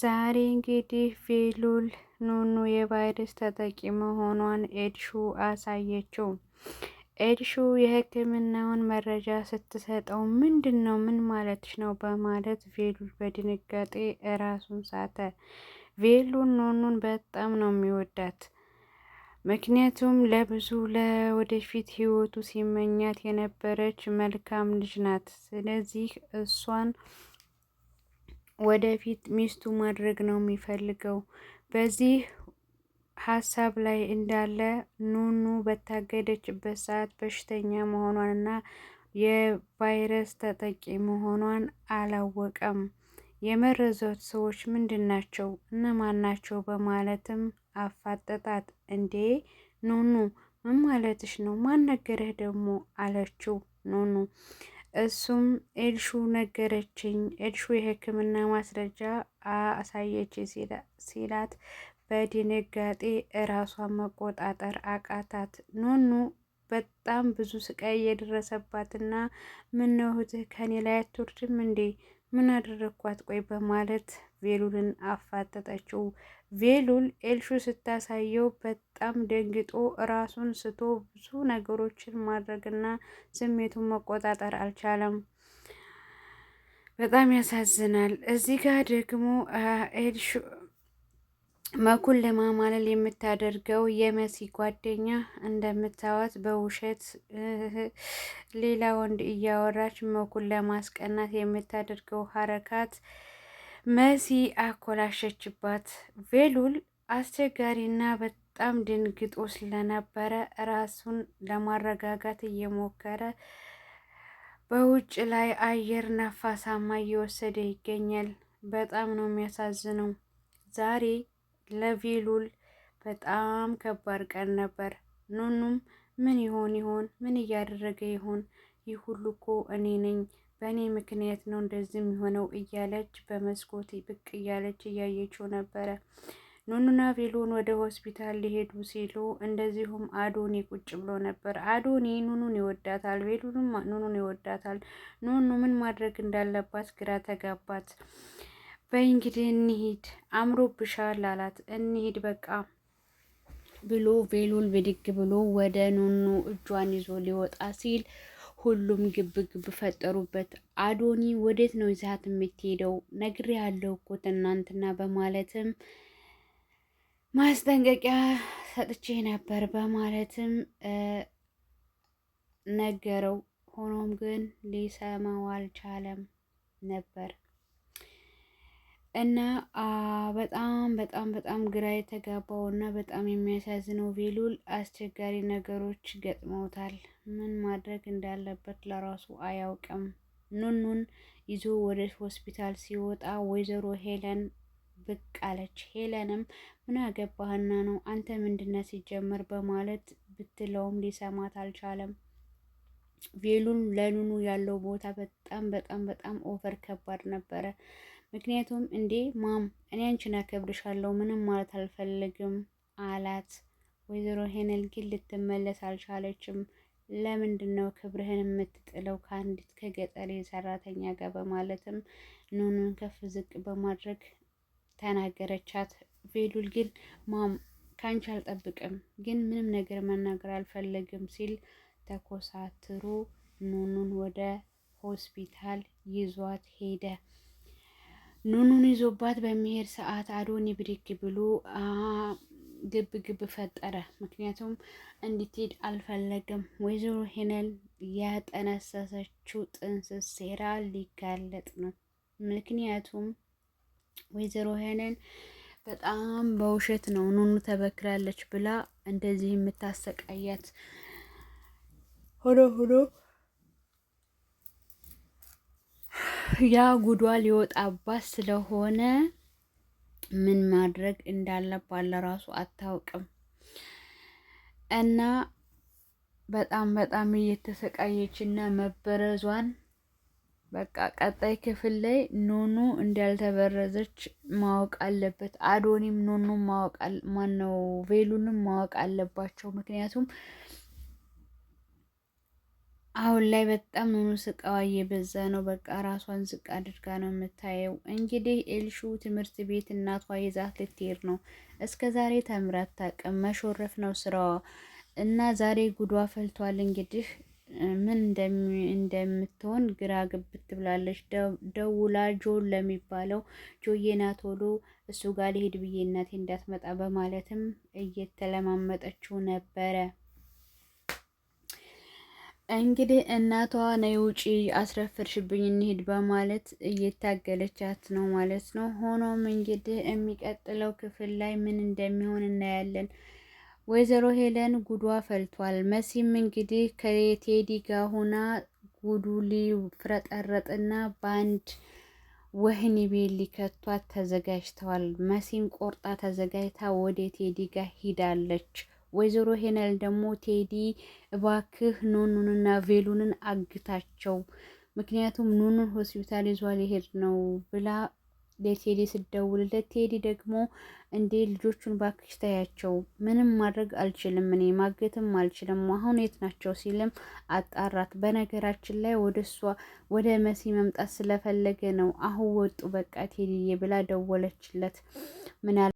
ዛሬ እንግዲህ ቬሉል ኑኑ የቫይረስ ተጠቂ መሆኗን ኤድሹ አሳየችው። ኤድሹ የሕክምናውን መረጃ ስትሰጠው ምንድን ነው ምን ማለትሽ ነው በማለት ቬሉል በድንጋጤ እራሱን ሳተ። ቬሉል ኑኑን በጣም ነው የሚወዳት። ምክንያቱም ለብዙ ለወደፊት ህይወቱ ሲመኛት የነበረች መልካም ልጅ ናት። ስለዚህ እሷን ወደፊት ሚስቱ ማድረግ ነው የሚፈልገው። በዚህ ሀሳብ ላይ እንዳለ ኑኑ በታገደችበት ሰዓት በሽተኛ መሆኗንና የቫይረስ ተጠቂ መሆኗን አላወቀም። የመረዟት ሰዎች ምንድን ናቸው? እነማን ናቸው? በማለትም አፋጠጣት። እንዴ ኑኑ ምን ማለትሽ ነው? ማን ነገረህ ደግሞ አለችው ኑኑ እሱም ኤልሹ ነገረችኝ፣ ኤልሹ የህክምና ማስረጃ አሳየች ሲላት በድንጋጤ እራሷን መቆጣጠር አቃታት። ኑኑ በጣም ብዙ ስቃይ የደረሰባትና ምነው እህትህ ከኔ ላይ አትወርድም እንዴ ምን አደረግኳት ቆይ በማለት ቬሉልን አፋጠጠችው። ቬሉል ኤልሹ ስታሳየው በጣም ደንግጦ ራሱን ስቶ ብዙ ነገሮችን ማድረግና ስሜቱን መቆጣጠር አልቻለም። በጣም ያሳዝናል። እዚህ ጋር ደግሞ ኤልሹ መኩን ለማማለል የምታደርገው የመሲ ጓደኛ እንደምታዩት በውሸት ሌላ ወንድ እያወራች መኩን ለማስቀናት የምታደርገው ሀረካት መሲ አኮላሸችባት። ቬሉል አስቸጋሪና በጣም ድንግጦ ስለነበረ ራሱን ለማረጋጋት እየሞከረ በውጭ ላይ አየር ነፋሳማ እየወሰደ ይገኛል። በጣም ነው የሚያሳዝነው ዛሬ ለቪሉል በጣም ከባድ ቀን ነበር። ኑኑም ምን ይሆን ይሆን ምን እያደረገ ይሆን? ይህ ሁሉ እኮ እኔ ነኝ፣ በእኔ ምክንያት ነው እንደዚህም የሆነው እያለች በመስኮት ብቅ እያለች እያየችው ነበረ። ኑኑና ቬሎን ወደ ሆስፒታል ሊሄዱ ሲሉ እንደዚሁም አዶኒ ቁጭ ብሎ ነበር። አዶኒ ኑኑን ይወዳታል፣ ቬሎንም ኑኑን ይወዳታል። ኑኑ ምን ማድረግ እንዳለባት ግራ ተጋባት። በይ እንግዲህ እንሂድ አምሮብሻል አላት። እንሂድ በቃ ብሎ ቬሉን ብድግ ብሎ ወደ ኑኑ እጇን ይዞ ሊወጣ ሲል ሁሉም ግብ ግብ ፈጠሩበት። አዶኒ ወዴት ነው ይዛት የምትሄደው? ነግሬ ያለው እኮ ትናንትና በማለትም ማስጠንቀቂያ ሰጥቼ ነበር በማለትም ነገረው። ሆኖም ግን ሊሰማው አልቻለም ነበር። እና በጣም በጣም በጣም ግራ የተጋባው እና በጣም የሚያሳዝነው ቤሉል አስቸጋሪ ነገሮች ገጥመውታል። ምን ማድረግ እንዳለበት ለራሱ አያውቅም። ኑኑን ይዞ ወደ ሆስፒታል ሲወጣ ወይዘሮ ሄለን ብቅ አለች። ሄለንም ምን አገባህና ነው አንተ ምንድነት ሲጀመር በማለት ብትለውም ሊሰማት አልቻለም። ቤሉል ለኑኑ ያለው ቦታ በጣም በጣም በጣም ኦቨር ከባድ ነበረ። ምክንያቱም እንዴ ማም እኔ አንቺን አከብርሻለሁ ምንም ማለት አልፈልግም አላት። ወይዘሮ ሄነል ግን ልትመለስ አልቻለችም። ለምንድን ነው ክብርህን የምትጥለው ከአንዲት ከገጠር ሰራተኛ ጋር በማለትም ኑኑን ከፍ ዝቅ በማድረግ ተናገረቻት። ቬሉል ግን ማም ከአንቺ አልጠብቅም፣ ግን ምንም ነገር መናገር አልፈለግም ሲል ተኮሳትሮ ኑኑን ወደ ሆስፒታል ይዟት ሄደ። ኑኑን ይዞባት በሚሄድ ሰዓት አዶኒ ብድግ ብሎ ግብ ግብ ፈጠረ። ምክንያቱም እንድትሄድ አልፈለገም። ወይዘሮ ሄነል ያጠነሰሰችው ጥንስ ሴራ ሊጋለጥ ነው። ምክንያቱም ወይዘሮ ሄነል በጣም በውሸት ነው ኑኑ ተበክላለች ብላ እንደዚህ የምታሰቃያት ሆኖ ሆኖ ያ ጉዷ ሊወጣባት ስለሆነ ምን ማድረግ እንዳለባት ለራሱ አታውቅም እና በጣም በጣም እየተሰቃየች እና መበረዟን በቃ ቀጣይ ክፍል ላይ ኖኖ እንዳልተበረዘች ማወቅ አለበት። አዶኒም ኖኖ ማወቅ ማነው ቬሉንም ማወቅ አለባቸው ምክንያቱም አሁን ላይ በጣም ምኑ ስቃዋ እየበዛ ነው። በቃ ራሷን ዝቅ አድርጋ ነው የምታየው። እንግዲህ ኤልሹ ትምህርት ቤት እናቷ ይዛት ልትሄድ ነው። እስከ ዛሬ ተምራ አታውቅም። መሾረፍ ነው ስራዋ እና ዛሬ ጉዷ ፈልቷል። እንግዲህ ምን እንደምትሆን ግራ ግብት ብላለች። ደውላ ጆን ለሚባለው ጆዬና ቶሎ እሱ ጋር ልሄድ ብዬ እናቴ እንዳትመጣ በማለትም እየተለማመጠችው ነበረ። እንግዲህ እናቷ ነይ ውጪ አስረፈርሽብኝ እንሄድ በማለት እየታገለቻት ነው ማለት ነው። ሆኖም እንግዲህ የሚቀጥለው ክፍል ላይ ምን እንደሚሆን እናያለን። ወይዘሮ ሄለን ጉዷ ፈልቷል። መሲም እንግዲህ ከቴዲ ጋር ሆና ጉዱ ሊፍረጠረጥና በአንድ ወህኒ ቤት ሊከቷት ተዘጋጅተዋል። መሲም ቆርጣ ተዘጋጅታ ወደ ቴዲ ጋር ሂዳለች። ወይዘሮ ሄነል ደግሞ ቴዲ እባክህ ኑኑንና ቬሉንን አግታቸው፣ ምክንያቱም ኑኑን ሆስፒታል ይዟል ይሄድ ነው ብላ ለቴዲ ስደውልለት ቴዲ ደግሞ እንዴ ልጆቹን ባክሽ ታያቸው፣ ምንም ማድረግ አልችልም፣ እኔ ማገትም አልችልም፣ አሁን የት ናቸው ሲልም አጣራት። በነገራችን ላይ ወደ እሷ ወደ መሲ መምጣት ስለፈለገ ነው። አሁን ወጡ በቃ ቴዲዬ ብላ ደወለችለት ምናል